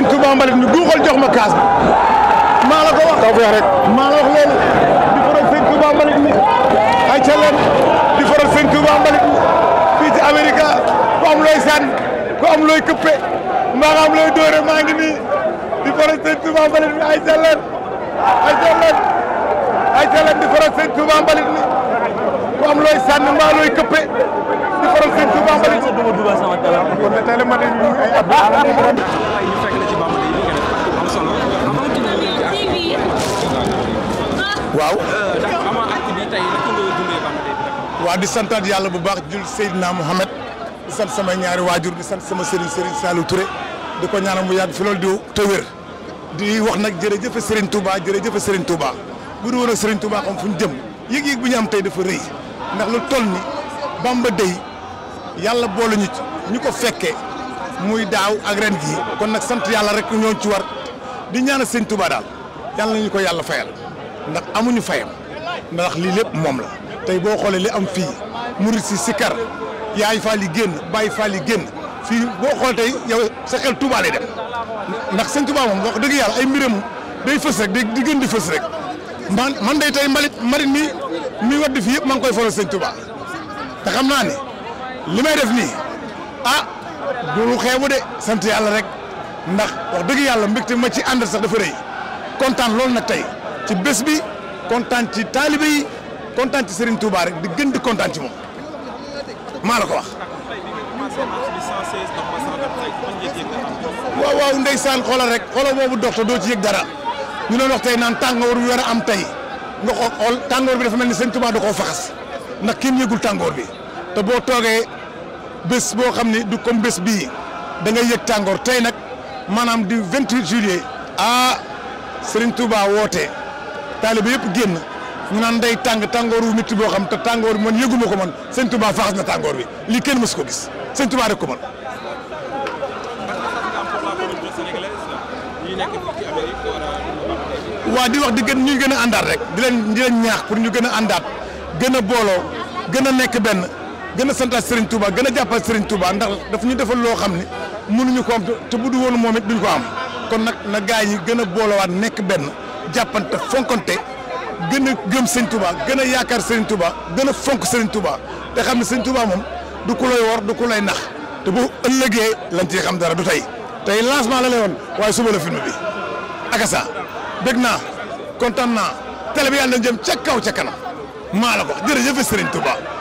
Serigne Touba Mbalit ñu duuxal jox ma kaas bi maa la ko wax taw rek maa la wax loolu di faral Serigne Touba Mbalit mi ay ca leen di faral Serigne Touba Mbalit mi fii ci Amérique ku am looy sànni ku am looy këppe mbaa nga am looy dóore maa ngi nii di faral Serigne Touba Mbalit mi ay ca leen ay ca leen ay ca leen di faral Serigne Touba Mbalit mi ku am looy sànni mbaa looy këppe di faral Serigne Touba Mbalit mi. waa di santaat yàlla bu baax jul Seydina Mohamed di sant sama ñaari waajur di sant sama Serigne Serigne Saliou Touré di ko ñaanal mu yàgg fi loolu di te wér di wax nag jër Serigne Touba jërëjëf Serigne Touba bu du woon ak Serigne Touba xam fu ñu jëm yëg-yëg bu ñu am tey dafa ndax lu toll ni Bamba dey yàlla boole ñu ñu ko fekkee muy daaw ak ren kon nag sant yàlla rek ñoo ci di ñaanal Serigne Touba daal yàlla nañu ko yàlla fayal ndax amuñu fayam ndax lii lépp moom la. tey boo xoolee li am fii murit si sikkar yaay faal yi génn bàyyi faal yi génn fii boo xoolee tey yow sa xel Touba dem ndax sëñ Touba moom wax dëgg yàlla ay mbiram day fës rek di gën di fës rek man man day tey mbalit mbalit mi mi wadd fii yëpp maa ngi koy faral sëñ Touba te xam naa ne li may def nii ah du lu xeebu de sant yàlla rek ndax wax dëgg yàlla mbégte ma ci àndal sax dafa rëy kontaan lool nag tey ci bés bi kontaan ci taalibe kontaan ci Serigne Touba rek di gën di kontaan ci moom maa la ko wax. waaw waaw ndeysaan xoolal rek xoolal boobu dox te doo ci yëg dara ñu doon wax tey naan tàngoor bi a am tey nga xool xool tàngoor bi dafa mel ni Serigne Touba da koo faxas ndax kenn yëgul tàngoor bi te boo toogee bés boo xam ne du comme bés bi da ngay yëg tàngoor tey nag maanaam du 28 juillet. ah Serigne Touba woote taalibe yëpp génn. ñu naan day tàng tàngoor wu métti boo xam te tàngoor bi man yëguma ko man sëñ Touba faxas na tàngoor bi lii kenn mësu ko gis sëñ Touba rek ko man. waa di wax di gën ñuy gën a àndaat rek di leen ñaax pour ñu gën a àndaat gën a booloo gën a nekk benn gën a santaat Serigne Touba gën a jàppal Serigne Touba ndax daf ñu defal loo xam ni mënuñu ko am te bu du woon moom it ko am kon nag na gaa yi gën a boolowaat nekk benn jàppante fonkonte gën a gëm sëñ Touba gën a yaakaar sën Touba gën a fonk sëñ Touba te xam ne sëñ Touba moom du ku lay wor du ku lay nax te bu ëllëgee lañ ci xam dara du tey tey lancement la lay woon waaye suba la film bi akasa bég naa kontaan naa télé bi yàlla na jëm ca kaw ca kanam maa la ko jërëjëf Serigne Touba.